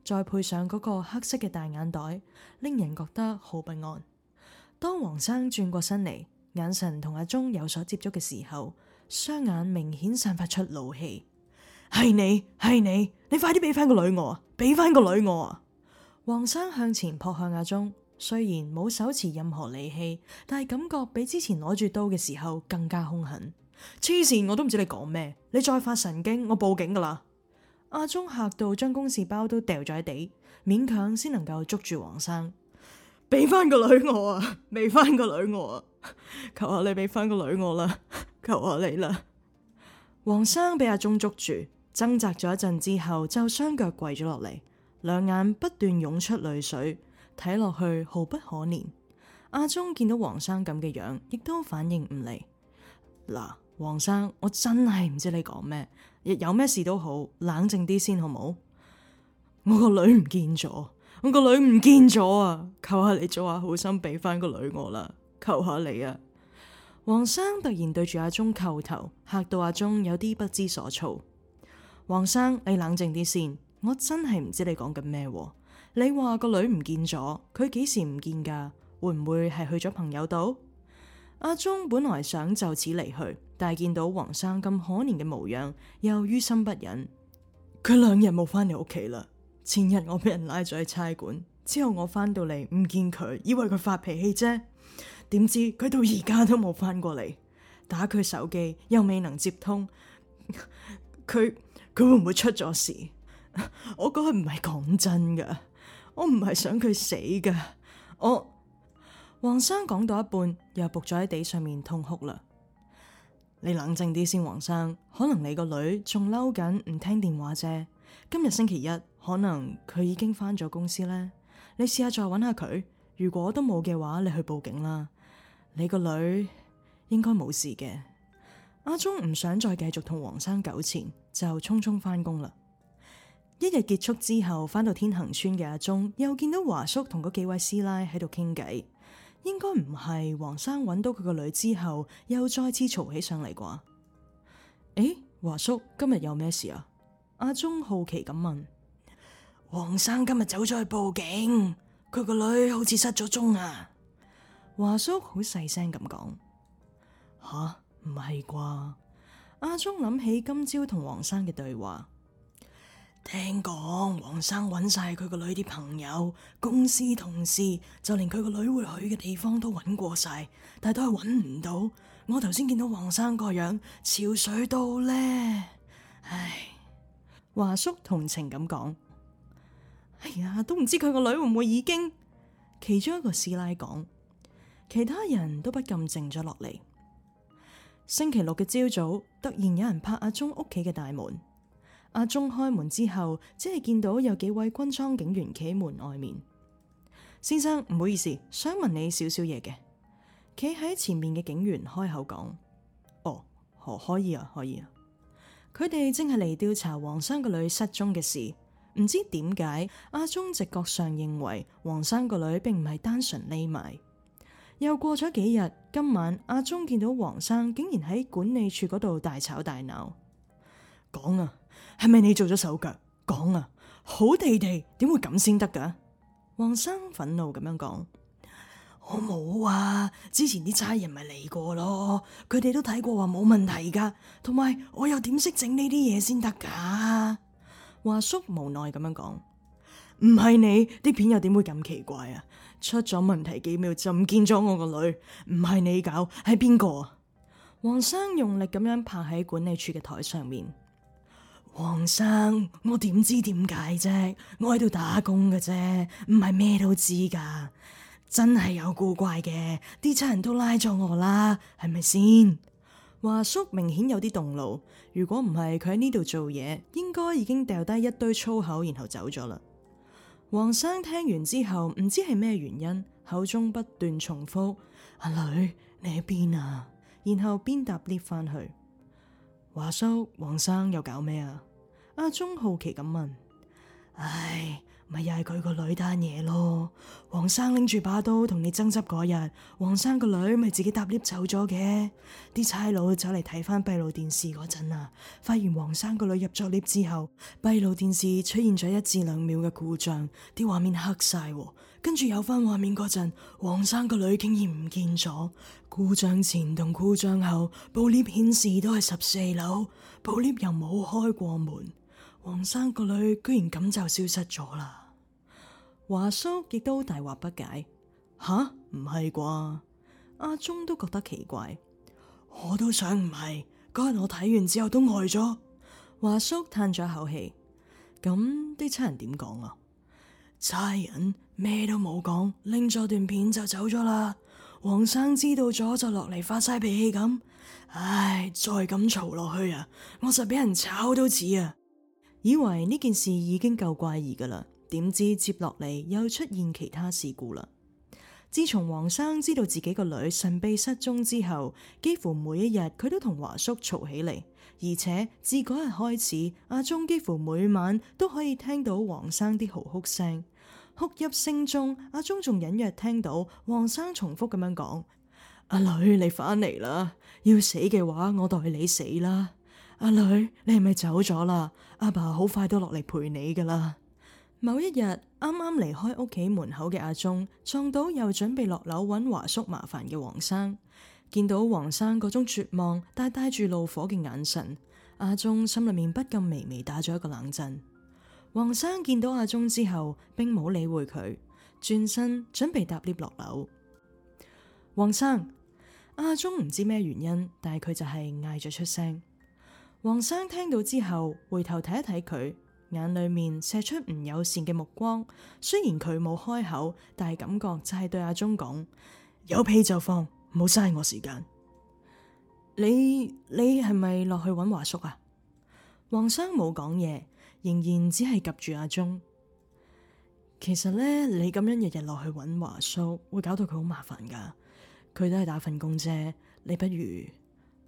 再配上嗰個黑色嘅大眼袋，令人覺得好不安。當黃生轉過身嚟，眼神同阿鍾有所接觸嘅時候，雙眼明顯散發出怒氣。係你，係你，你快啲俾翻個女我啊！俾翻個女我啊！黃生向前撲向阿鍾，雖然冇手持任何利器，但係感覺比之前攞住刀嘅時候更加兇狠。黐線，我都唔知你講咩，你再發神經，我報警噶啦！阿鍾吓到將公事包都掉咗喺地，勉強先能夠捉住黃生。俾翻個女我啊！未翻個女我啊！求下你俾翻個女我啦，求下你啦。黃生俾阿忠捉住，掙扎咗一陣之後，就雙腳跪咗落嚟，兩眼不斷湧出淚水，睇落去毫不可憐。阿忠見到黃生咁嘅樣，亦都反應唔嚟。嗱，黃生，我真係唔知你講咩，有咩事都好，冷靜啲先好冇？我個女唔見咗，我個女唔見咗啊！求下你做下好心俾翻個女我啦。求下你啊！黃生突然對住阿忠叩頭，嚇到阿忠有啲不知所措。黃生，你冷靜啲先，我真係唔知你講緊咩。你話個女唔見咗，佢幾時唔見㗎？會唔會係去咗朋友度？阿忠本來想就此離去，但係見到黃生咁可憐嘅模樣，又於心不忍。佢兩日冇翻嚟屋企啦。前日我俾人拉咗去差館，之後我翻到嚟唔見佢，以為佢發脾氣啫。點知佢到而家都冇翻過嚟，打佢手機又未能接通，佢 *laughs* 佢會唔會出咗事？ *laughs* 我講係唔係講真噶，我唔係想佢死噶。我黃生講到一半又仆咗喺地上面痛哭啦。你冷靜啲先，黃生，可能你個女仲嬲緊，唔聽電話啫。今日星期一，可能佢已經翻咗公司咧。你試下再揾下佢。如果都冇嘅話，你去報警啦。你個女應該冇事嘅。阿忠唔想再繼續同黃生糾纏，就匆匆翻工啦。一日結束之後，翻到天恒邨嘅阿忠又見到華叔同個幾位師奶喺度傾偈，應該唔係黃生揾到佢個女之後又再次嘈起上嚟啩？誒、欸，華叔今日有咩事啊？阿忠好奇咁問。黃生今日走咗去報警。佢個女好似失咗蹤啊！華叔好細聲咁講，吓？唔係啩？阿忠諗起今朝同黃生嘅對話，聽講黃生搵晒佢個女啲朋友、公司同事，就連佢個女會去嘅地方都搵過晒，但都係搵唔到。我頭先見到黃生個樣，憔悴到咧。唉，華叔同情咁講。哎呀，都唔知佢個女會唔會已經。其中一個師奶講，其他人都不禁靜咗落嚟。星期六嘅朝早，突然有人拍阿忠屋企嘅大門。阿忠開門之後，只係見到有幾位軍裝警員企喺門外面。先生唔好意思，想問你少少嘢嘅。企喺前面嘅警員開口講：哦，可，可以啊，可以啊。佢哋正係嚟調查黃生個女失蹤嘅事。唔知點解，阿忠直覺上認為黃生個女並唔係單純匿埋。又過咗幾日，今晚阿忠見到黃生竟然喺管理處嗰度大吵大鬧，講啊，係咪你做咗手腳？講啊，好地地，點會咁先得噶？黃生憤怒咁樣講：我冇啊，之前啲差人咪嚟過咯，佢哋都睇過話冇問題噶，同埋我又點識整呢啲嘢先得噶？華叔無奈咁樣講：唔係你啲片又點會咁奇怪啊？出咗問題幾秒就唔見咗我個女，唔係你搞，係邊個啊？黃生用力咁樣拍喺管理處嘅台上面。黃生，我點知點解啫？我喺度打工嘅啫，唔係咩都知噶。真係有古怪嘅，啲差人都拉咗我啦，係咪先？華叔明顯有啲動怒，如果唔係佢喺呢度做嘢，應該已經掉低一堆粗口，然後走咗啦。黃生聽完之後，唔知係咩原因，口中不斷重複：阿女，你喺邊啊？然後邊搭 lift 翻去。華叔，黃生又搞咩啊？阿忠好奇咁問。唉。咪又係佢個女單嘢咯，黃生拎住把刀同你爭執嗰日，黃生個女咪自己搭 lift 走咗嘅。啲差佬走嚟睇翻閉路電視嗰陣啊，發現黃生個女入咗 lift 之後，閉路電視出現咗一至兩秒嘅故障，啲畫面黑晒。跟住有翻畫面嗰陣，黃生個女竟然唔見咗。故障前同故障後，部 lift 顯示都係十四樓，部 lift 又冇開過門。黃生個女居然咁就消失咗啦，華叔亦都大惑不解，吓？唔係啩？阿忠都覺得奇怪，我都想唔係，嗰日我睇完之後都呆咗。華叔嘆咗一口氣，咁啲差人點講啊？差人咩都冇講，拎咗段片就走咗啦。黃生知道咗就落嚟發晒脾氣咁，唉，再咁嘈落去啊，我就俾人炒都似啊！以為呢件事已經夠怪異噶啦，點知接落嚟又出現其他事故啦。自從黃生知道自己個女神秘失蹤之後，幾乎每一日佢都同華叔嘈起嚟。而且自嗰日開始，阿忠幾乎每晚都可以聽到黃生啲嚎哭聲，哭泣聲中，阿忠仲隱約聽到黃生重複咁樣講：阿女，你翻嚟啦，要死嘅話我代你死啦。阿女，你係咪走咗啦？阿爸好快都落嚟陪你㗎喇。某一日，啱啱離開屋企門口嘅阿忠，撞到又準備落樓揾華叔麻煩嘅黃生。見到黃生嗰種絕望但帶帶住怒火嘅眼神，阿忠心裏面不禁微微打咗一個冷震。黃生見到阿忠之後，並冇理會佢，轉身準備搭 lift 落樓。黃生，阿忠唔知咩原因，但係佢就係嗌咗出聲。黃生聽到之後回頭睇一睇佢，眼裏面射出唔友善嘅目光。雖然佢冇開口，但係感覺就係對阿忠講：有屁就放，唔好嘥我時間。你你係咪落去揾華叔啊？黃生冇講嘢，仍然只係及住阿忠。其實咧，你咁樣日日落去揾華叔，會搞到佢好麻煩噶。佢都係打份工啫，你不如。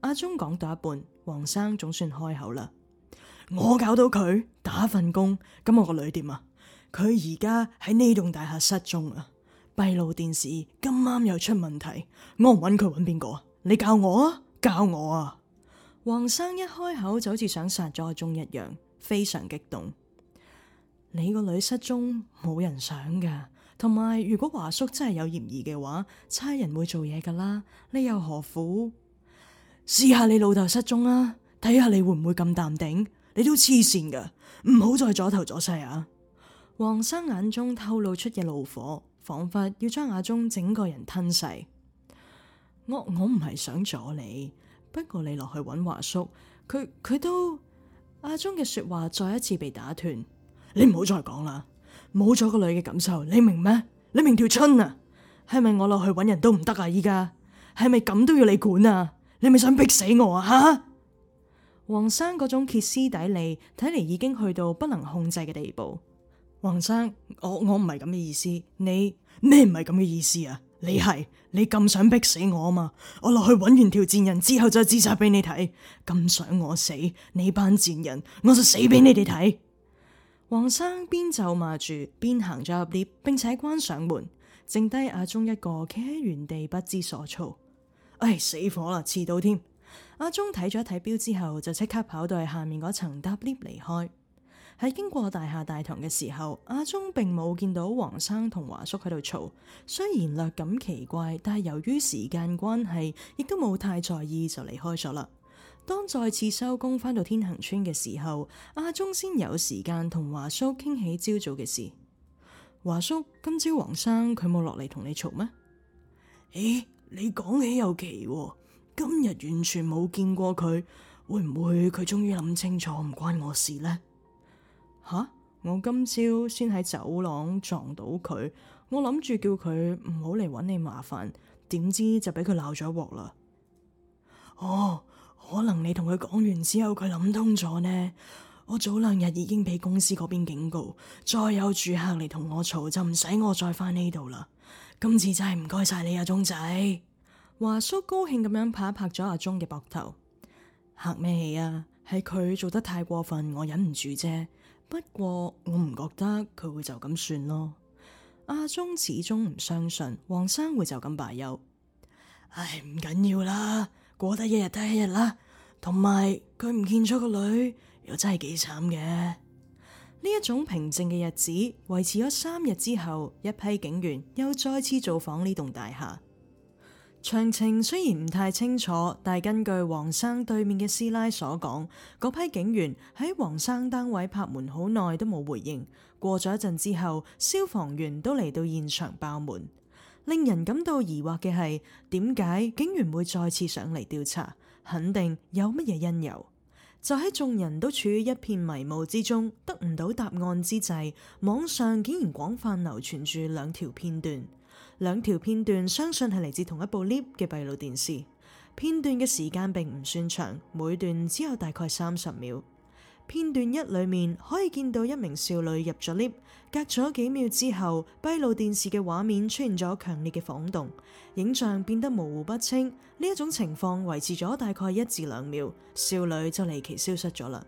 阿中講到一半，黃生總算開口啦：我搞到佢打份工，咁我個女點啊？佢而家喺呢棟大廈失蹤啊！閉路電視今晚又出問題，我唔揾佢，揾邊個啊？你教我啊，教我啊！黃生一開口就好似想殺咗阿中一樣，非常激動。你個女失蹤冇人想噶，同埋如果華叔真係有嫌疑嘅話，差人會做嘢噶啦，你又何苦？試下你老豆失蹤啦、啊，睇下你會唔會咁淡定？你都黐線噶，唔好再阻頭阻勢啊！黃生眼中透露出嘅怒火，仿佛要將阿忠整個人吞噬。我我唔係想阻你，不過你落去揾華叔，佢佢都阿忠嘅說話再一次被打斷。你唔好再講啦，冇咗個女嘅感受，你明咩？你明條春啊？係咪我落去揾人都唔得啊？依家係咪咁都要你管啊？你咪想逼死我啊！吓，黃生嗰種歇斯底里，睇嚟已經去到不能控制嘅地步。黃生，我我唔係咁嘅意思，你你唔係咁嘅意思啊？你係你咁想逼死我嘛？我落去揾完條賤人之後，再自殺俾你睇。咁想我死，你班賤人我就死俾你哋睇。黃生邊咒罵住邊行咗入屋，並且關上門，剩低阿忠一個企喺原地不知所措。唉，死火啦！遲到添。阿忠睇咗睇表之後，就即刻跑到去下面嗰層搭 lift 離開。喺經過大廈大堂嘅時候，阿忠並冇見到黃生同華叔喺度嘈，雖然略感奇怪，但係由於時間關係，亦都冇太在意就離開咗啦。當再次收工翻到天恒邨嘅時候，阿忠先有時間同華叔傾起朝早嘅事。華叔，今朝黃生佢冇落嚟同你嘈咩？誒、欸？你講起又奇喎，今日完全冇見過佢，會唔會佢終於諗清楚唔關我事呢？吓，我今朝先喺走廊撞到佢，我諗住叫佢唔好嚟搵你麻煩，點知就俾佢鬧咗鑊啦。哦，可能你同佢講完之後，佢諗通咗呢？我早兩日已經俾公司嗰邊警告，再有住客嚟同我嘈，就唔使我再返呢度啦。今次真係唔該晒你啊，忠仔。華叔高興咁樣拍一拍咗阿忠嘅膊頭。客咩氣啊？係佢做得太過分，我忍唔住啫。不過我唔覺得佢會就咁算咯。阿忠始終唔相信黃生會就咁罷休。唉，唔緊要啦，過得一日得一日啦。同埋佢唔見咗個女，又真係幾慘嘅。呢一種平靜嘅日子維持咗三日之後，一批警員又再次造訪呢棟大廈。詳情雖然唔太清楚，但根據黃生對面嘅師奶所講，嗰批警員喺黃生單位拍門好耐都冇回應。過咗一陣之後，消防員都嚟到現場爆門。令人感到疑惑嘅係，點解警員會再次上嚟調查？肯定有乜嘢因由。就喺眾人都處於一片迷霧之中，得唔到答案之際，網上竟然廣泛流傳住兩條片段。兩條片段相信係嚟自同一部 lift 嘅閉路電視。片段嘅時間並唔算長，每段只有大概三十秒。片段一裏面可以見到一名少女入咗升降機，隔咗幾秒之後，閉路電視嘅畫面出現咗強烈嘅晃動，影像變得模糊不清。呢一種情況維持咗大概一至兩秒，少女就離奇消失咗啦。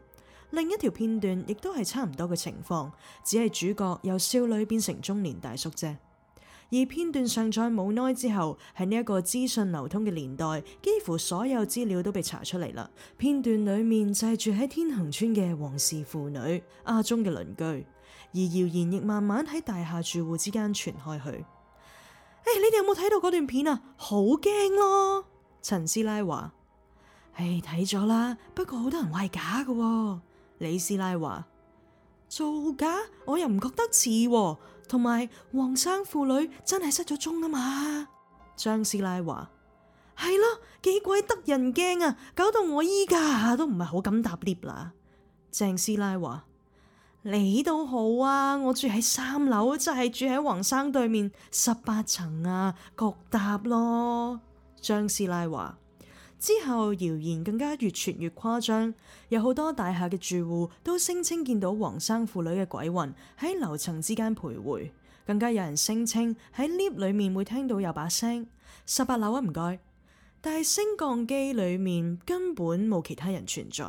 另一條片段亦都係差唔多嘅情況，只係主角由少女變成中年大叔啫。而片段上載冇耐之後，喺呢一個資訊流通嘅年代，幾乎所有資料都被查出嚟啦。片段裏面就係住喺天恒邨嘅王氏父女、阿忠嘅鄰居，而謠言亦慢慢喺大廈住戶之間傳開去。誒、欸，你哋有冇睇到嗰段片啊？好驚咯！陳師奶話：誒、欸，睇咗啦，不過好多人話係假嘅。李師奶話：造假，我又唔覺得似。同埋黃生父女真係失咗蹤啊嘛！張師奶話：係咯，幾鬼得人驚啊！搞到我依家都唔係好敢搭 lift 啦。鄭師奶話：你都好啊，我住喺三樓，即係住喺黃生對面十八層啊，各搭咯。張師奶話。之後謠言更加越傳越誇張，有好多大廈嘅住戶都聲稱見到黃生父女嘅鬼魂喺樓層之間徘徊，更加有人聲稱喺 lift 裏面會聽到有把聲十八樓啊唔該，但係升降機裏面根本冇其他人存在。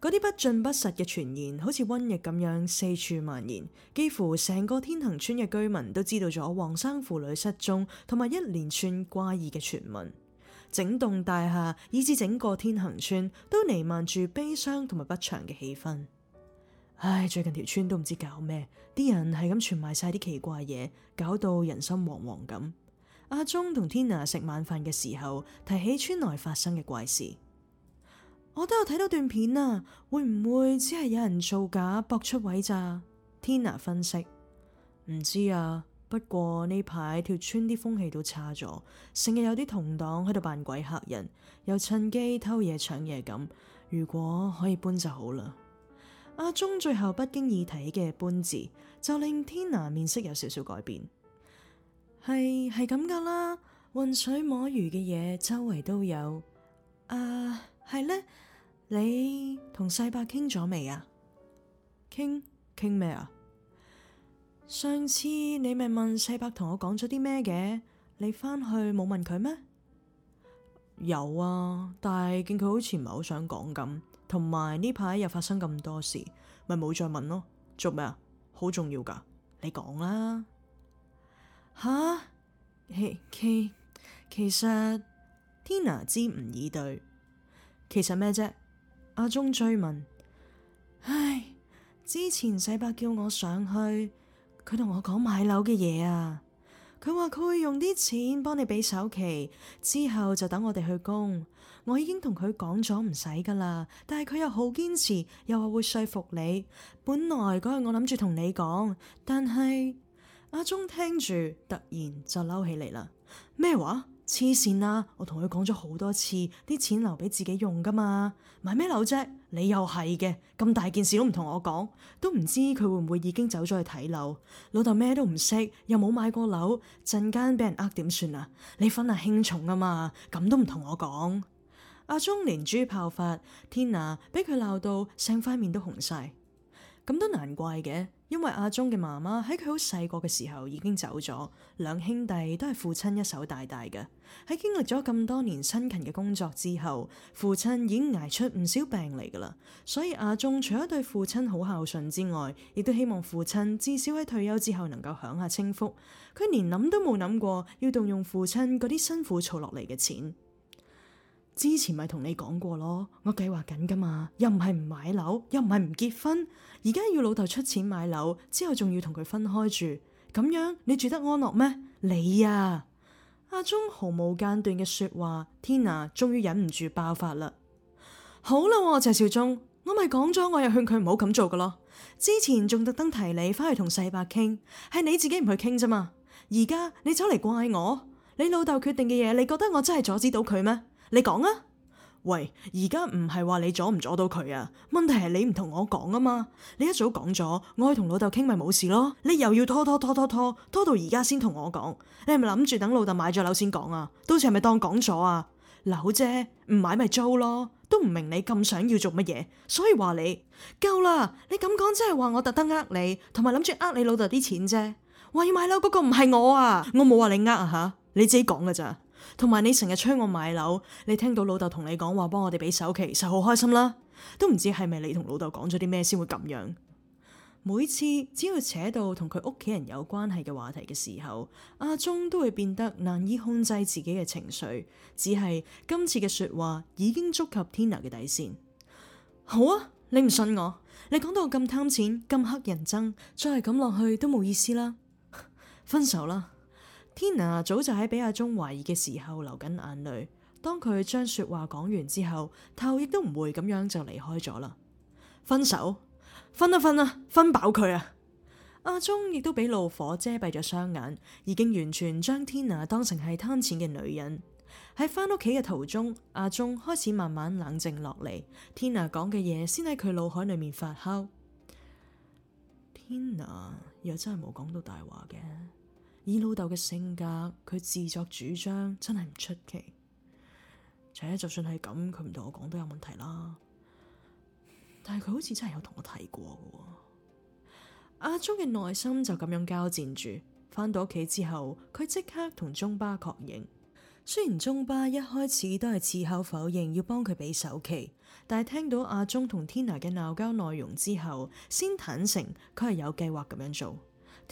嗰啲不盡不實嘅傳言好似瘟疫咁樣四處蔓延，幾乎成個天恒邨嘅居民都知道咗黃生父女失蹤同埋一連串怪異嘅傳聞。整棟大廈以至整個天恒邨，都彌漫住悲傷同埋不祥嘅氣氛。唉，最近條村都唔知搞咩，啲人係咁傳埋晒啲奇怪嘢，搞到人心惶惶咁。阿忠同天娜食晚飯嘅時候，提起村內發生嘅怪事，我都有睇到段片啊，會唔會只係有人造假搏出位咋？天娜分析，唔知啊。不過呢排條村啲風氣都差咗，成日有啲同黨喺度扮鬼嚇人，又趁機偷嘢搶嘢咁。如果可以搬就好啦。阿忠最後不經意提嘅搬字，就令天娜面色有少少改變。係係咁㗎啦，渾水摸魚嘅嘢周圍都有。啊，係咧，你同細伯傾咗未啊？傾傾咩啊？上次你咪問世伯同我講咗啲咩嘅？你返去冇問佢咩？有啊，但係見佢好似唔係好想講咁，同埋呢排又發生咁多事，咪冇再問咯。做咩啊？好重要噶，你講啦吓。其其其實，Tina 知唔以對，其實咩啫？阿忠追問，唉，之前世伯叫我上去。佢同我講買樓嘅嘢啊，佢話佢會用啲錢幫你俾首期，之後就等我哋去供。我已經同佢講咗唔使噶啦，但係佢又好堅持，又話會說服你。本來嗰日我諗住同你講，但係阿忠聽住突然就嬲起嚟啦。咩話？黐線啊！我同佢講咗好多次，啲錢留俾自己用噶嘛，買咩樓啫？ *music* 你又係嘅，咁大件事都唔同我講，都唔知佢會唔會已經走咗去睇樓。老豆咩都唔識，又冇買過樓，陣間俾人呃點算啊？你分下輕重啊嘛，咁都唔同我講。阿忠連珠炮發，天娜，俾佢鬧到成塊面都紅晒，咁都難怪嘅。因為阿忠嘅媽媽喺佢好細個嘅時候已經走咗，兩兄弟都係父親一手帶大嘅。喺經歷咗咁多年辛勤嘅工作之後，父親已經挨出唔少病嚟噶啦。所以阿忠除咗對父親好孝順之外，亦都希望父親至少喺退休之後能夠享下清福。佢連諗都冇諗過要動用父親嗰啲辛苦儲落嚟嘅錢。之前咪同你講過咯，我計劃緊噶嘛，又唔係唔買樓，又唔係唔結婚，而家要老豆出錢買樓之後，仲要同佢分開住，咁樣你住得安樂咩？你啊，阿忠毫無間斷嘅說話，天啊，終於忍唔住爆發啦。好啦喎，謝少忠，我咪講咗，我又勸佢唔好咁做噶咯。之前仲特登提你翻去同世伯傾，係你自己唔去傾啫嘛。而家你走嚟怪我，你老豆決定嘅嘢，你覺得我真係阻止到佢咩？你講啊！喂，而家唔係話你阻唔阻到佢啊？問題係你唔同我講啊嘛！你一早講咗，我去同老豆傾咪冇事咯。你又要拖拖拖拖拖拖，拖到而家先同我講，你係咪諗住等老豆買咗樓先講啊？到時係咪當講咗啊？樓啫，唔買咪租咯，都唔明你咁想要做乜嘢？所以話你夠啦！你咁講即係話我特登呃你，同埋諗住呃你老豆啲錢啫。話要買樓嗰個唔係我啊，我冇話你呃啊吓，你自己講噶咋？同埋你成日催我買樓，你聽到老豆同你講話幫我哋俾首期，實好開心啦。都唔知係咪你同老豆講咗啲咩先會咁樣。每次只要扯到同佢屋企人有關係嘅話題嘅時候，阿中都會變得難以控制自己嘅情緒。只係今次嘅說話已經觸及 Tina 嘅底線。好啊，你唔信我？你講到咁貪錢、咁乞人憎，再係咁落去都冇意思啦。分手啦！Tina 早就喺俾阿忠懷疑嘅時候流緊眼淚。當佢將說話講完之後，頭亦都唔會咁樣就離開咗啦。分手？分啊分啊，分飽佢啊！阿忠亦都俾怒火遮蔽咗雙眼，已經完全將 Tina 當成係貪錢嘅女人。喺翻屋企嘅途中，阿忠開始慢慢冷靜落嚟。Tina 講嘅嘢先喺佢腦海裏面發酵。Tina 又真係冇講到大話嘅。以老豆嘅性格，佢自作主張真係唔出奇。且就算係咁，佢唔同我講都有問題啦。但係佢好似真係有同我提過喎。 *laughs* 阿忠嘅內心就咁樣交戰住。返到屋企之後，佢即刻同中巴確認。雖然中巴一開始都係矢口否認要幫佢俾首期，但係聽到阿忠同 Tina 嘅鬧交內容之後，先坦承佢係有計劃咁樣做。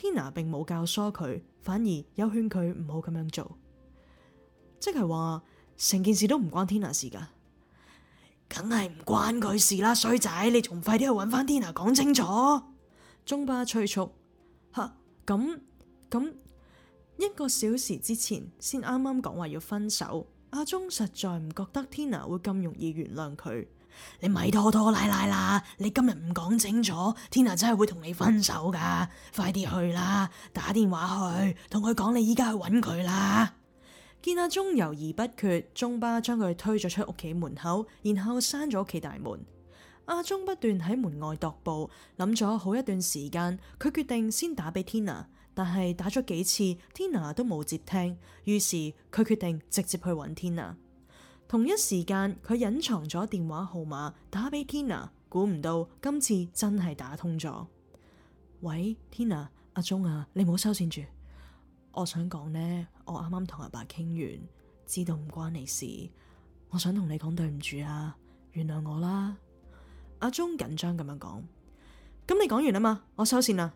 Tina 並冇教唆佢，反而有勸佢唔好咁樣做，即係話成件事都唔關 Tina 事噶，梗係唔關佢事啦，衰仔，你仲快啲去揾翻 Tina 講清楚。鍾爸催促，吓咁咁一個小時之前先啱啱講話要分手，阿鍾實在唔覺得 Tina 會咁容易原諒佢。你咪拖拖拉拉啦！你今日唔講清楚，Tina 真係會同你分手噶！快啲去啦，打電話去，同佢講你依家去揾佢啦。見阿鐘猶豫不決，鍾爸將佢推咗出屋企門口，然後閂咗屋企大門。阿鐘不斷喺門外踱步，諗咗好一段時間，佢決定先打俾 Tina，但係打咗幾次，Tina 都冇接聽，於是佢決定直接去揾 Tina。同一時間，佢隱藏咗電話號碼打俾 Tina，估唔到今次真係打通咗。喂，Tina，阿鐘啊，你唔好收線住，我想講呢，我啱啱同阿爸傾完，知道唔關你事，我想同你講對唔住啊，原諒我啦。阿鐘緊張咁樣講，咁你講完啊嘛，我收線啦。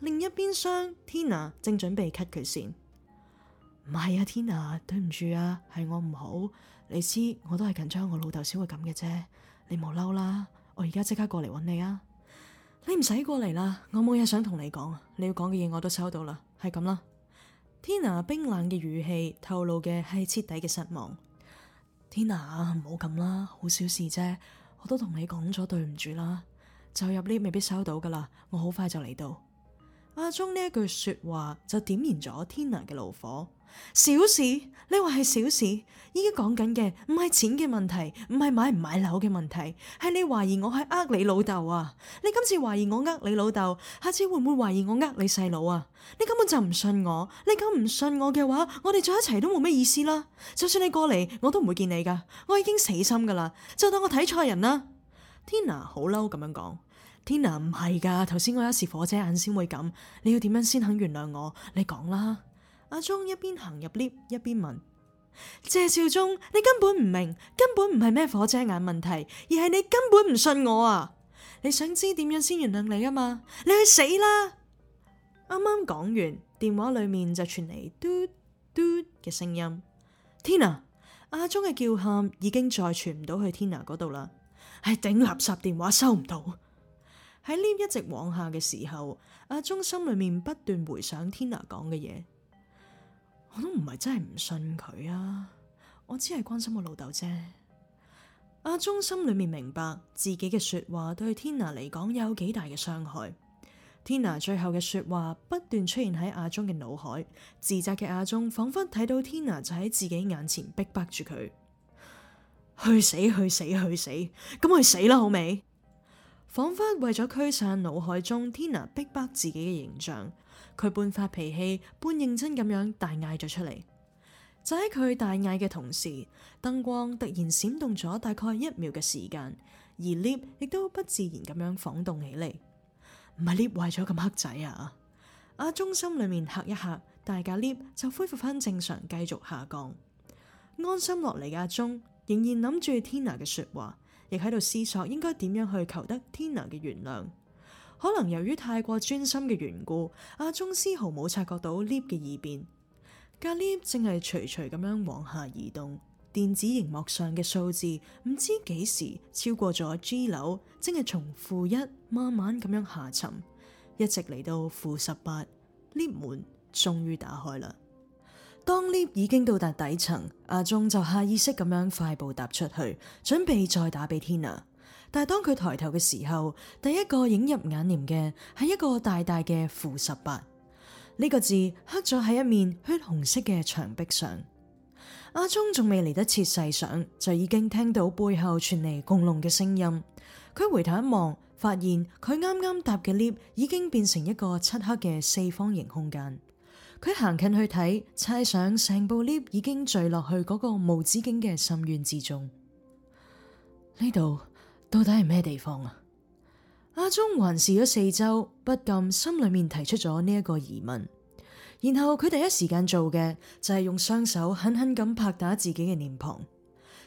另一邊廂，Tina 正準備 cut 佢線，唔係啊，Tina，對唔住啊，係我唔好。你知我都係緊張，我老豆先會咁嘅啫。你冇嬲啦，我而家即刻過嚟搵你啊！你唔使過嚟啦，我冇嘢想同你講，你要講嘅嘢我都收到啦，係咁啦。Tina 冰冷嘅語氣透露嘅係徹底嘅失望。Tina，唔好咁啦，好小事啫，我都同你講咗對唔住啦，就入 lift 未必收到㗎啦，我好快就嚟到。阿忠呢一句說話就點燃咗 Tina 嘅怒火。小事，你話係小事，依家講緊嘅唔係錢嘅問題，唔係買唔買樓嘅問題，係你懷疑我係呃你老豆啊！你今次懷疑我呃你老豆，下次會唔會懷疑我呃你細佬啊？你根本就唔信我，你咁唔信我嘅話，我哋再一齊都冇咩意思啦。就算你過嚟，我都唔會見你噶，我已經死心噶啦，就當我睇錯人啦。Tina 好嬲咁樣講，Tina 唔係噶，頭先我一時火遮眼先會咁，你要點樣先肯原諒我？你講啦。阿忠一邊行入 lift 一邊問：謝少忠，你根本唔明，根本唔係咩火遮眼問題，而係你根本唔信我啊！你想知點樣先原諒你啊嘛？你去死啦！啱啱講完，電話裏面就傳嚟嘟嘟嘅聲音。Tina！阿忠嘅叫喊已經再傳唔到去 Tina 嗰度啦！唉，頂垃圾電話收唔到。喺 *laughs* lift 一直往下嘅時候，阿忠心裏面不斷回想 Tina 講嘅嘢。我都唔係真係唔信佢啊，我只係關心我老豆啫。阿忠心裏面明白自己嘅說話對 Tina 嚟講有幾大嘅傷害。Tina 最後嘅說話不斷出現喺阿忠嘅腦海，自責嘅阿忠仿佛睇到 Tina 就喺自己眼前逼迫住佢，去死去死去死，咁去死啦好未？仿佛為咗驅散腦海中 Tina 逼迫自己嘅形象。佢半發脾氣、半認真咁樣大嗌咗出嚟。就喺佢大嗌嘅同時，燈光突然閃動咗大概一秒嘅時間，而 lift 亦都不自然咁樣晃動起嚟。唔係 lift 壞咗咁黑仔啊！阿忠心裏面吓一吓，大架 lift 就恢復翻正常，繼續下降。安心落嚟嘅阿忠仍然諗住 Tina 嘅說話，亦喺度思索應該點樣去求得 Tina 嘅原諒。可能由於太過專心嘅緣故，阿忠絲毫冇察覺到 lift 嘅異變。架 lift 正係徐徐咁樣往下移動，電子熒幕上嘅數字唔知幾時超過咗 G 樓，正係從負一慢慢咁樣下沉，一直嚟到負十八，lift 門終於打開啦。當 lift 已經到達底層，阿忠就下意識咁樣快步踏出去，準備再打俾 Tina。但係，當佢抬頭嘅時候，第一個映入眼簾嘅係一個大大嘅負十八呢個字，黑咗喺一面血紅色嘅牆壁上。阿忠仲未嚟得切細想，就已經聽到背後傳嚟轟隆嘅聲音。佢回頭一望，發現佢啱啱搭嘅 lift 已經變成一個漆黑嘅四方形空間。佢行近去睇，猜想成部 lift 已經墜落去嗰個無止境嘅深淵之中。呢度。到底係咩地方啊？阿忠環視咗四周，不禁心裏面提出咗呢一個疑問。然後佢第一時間做嘅就係、是、用雙手狠狠咁拍打自己嘅臉龐，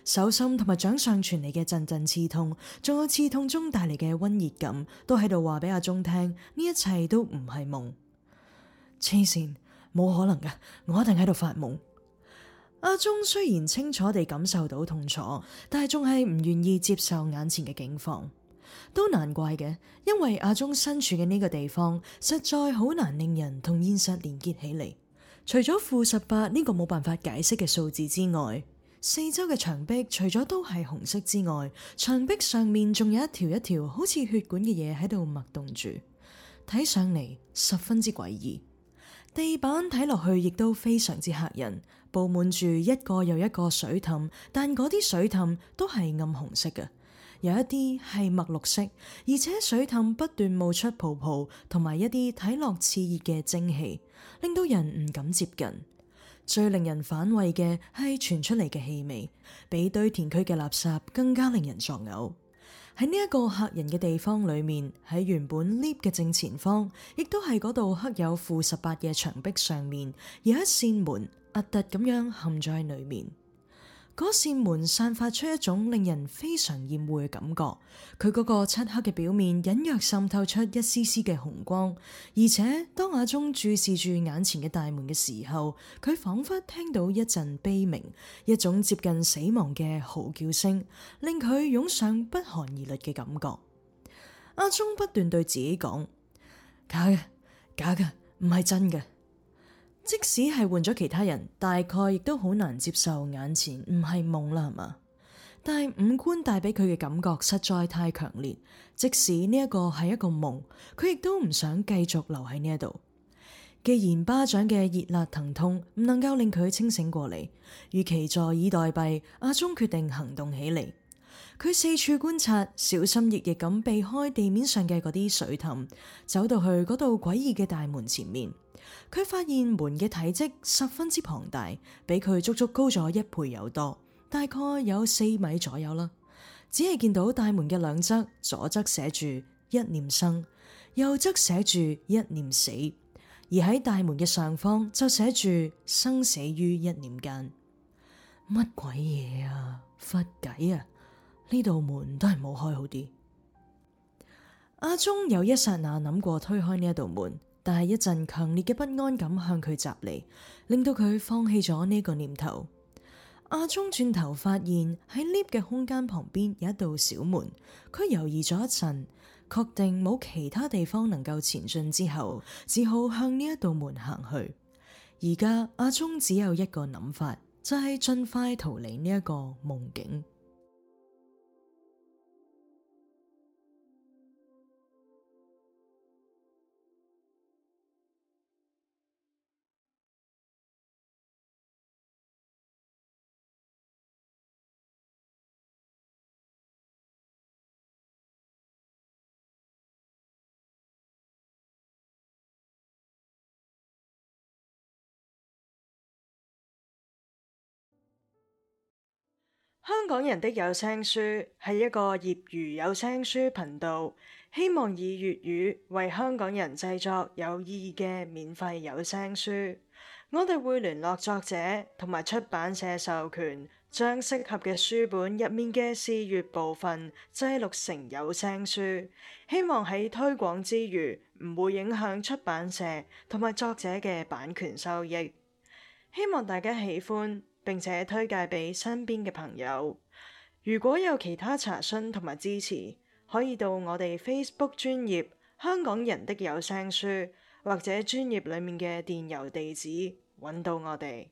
手心同埋掌上傳嚟嘅陣陣刺痛，仲有刺痛中帶嚟嘅溫熱感，都喺度話俾阿忠聽：呢一切都唔係夢。黐線，冇可能㗎，我一定喺度發夢。阿忠雖然清楚地感受到痛楚，但係仲係唔願意接受眼前嘅境況，都難怪嘅。因為阿忠身處嘅呢個地方實在好難令人同現實連結起嚟。除咗負十八呢個冇辦法解釋嘅數字之外，四周嘅牆壁除咗都係紅色之外，牆壁上面仲有一條一條好似血管嘅嘢喺度脈動住，睇上嚟十分之詭異。地板睇落去亦都非常之嚇人。佈滿住一個又一個水凼但嗰啲水凼都係暗紅色嘅，有一啲係墨綠色，而且水凼不斷冒出泡泡，同埋一啲睇落熾熱嘅蒸氣，令到人唔敢接近。最令人反胃嘅係傳出嚟嘅氣味，比堆填區嘅垃圾更加令人作嘔。喺呢一個嚇人嘅地方裏面，喺原本 lift 嘅正前方，亦都係嗰度刻有負十八嘅牆壁上面有一扇門。核突咁樣陷在裏面，嗰扇門散發出一種令人非常厭惡嘅感覺。佢嗰個漆黑嘅表面隱約滲透出一絲絲嘅紅光，而且當阿忠注視住眼前嘅大門嘅時候，佢仿佛聽到一陣悲鳴，一種接近死亡嘅嚎叫聲，令佢湧上不寒而栗嘅感覺。阿忠不斷對自己講：假嘅，假嘅，唔係真嘅。即使係換咗其他人，大概亦都好難接受眼前唔係夢啦，係嘛？但係五官帶俾佢嘅感覺實在太強烈，即使呢一個係一個夢，佢亦都唔想繼續留喺呢一度。既然巴掌嘅熱辣疼痛唔能夠令佢清醒過嚟，與其坐以待斃，阿忠決定行動起嚟。佢四處觀察，小心翼翼咁避開地面上嘅嗰啲水凼，走到去嗰度詭異嘅大門前面。佢發現門嘅體積十分之龐大，比佢足足高咗一倍有多，大概有四米左右啦。只係見到大門嘅兩側，左側寫住一念生，右側寫住一念死，而喺大門嘅上方就寫住生死於一念間。乜鬼嘢啊？忽計啊！呢道門都係冇開好啲。阿忠、啊、有一刹那諗過推開呢一道門。但係一陣強烈嘅不安感向佢襲嚟，令到佢放棄咗呢個念頭。阿忠轉頭發現喺 lift 嘅空間旁邊有一道小門，佢猶豫咗一陣，確定冇其他地方能夠前進之後，只好向呢一道門行去。而家阿忠只有一個諗法，就係盡快逃離呢一個夢境。香港人的有聲書係一個業餘有聲書頻道，希望以粵語為香港人製作有意義嘅免費有聲書。我哋會聯絡作者同埋出版社授權，將適合嘅書本入面嘅試閱部分製錄成有聲書，希望喺推廣之餘唔會影響出版社同埋作者嘅版權收益。希望大家喜歡。並且推介俾身邊嘅朋友。如果有其他查詢同埋支持，可以到我哋 Facebook 專頁《香港人的有聲書》或者專頁裡面嘅電郵地址揾到我哋。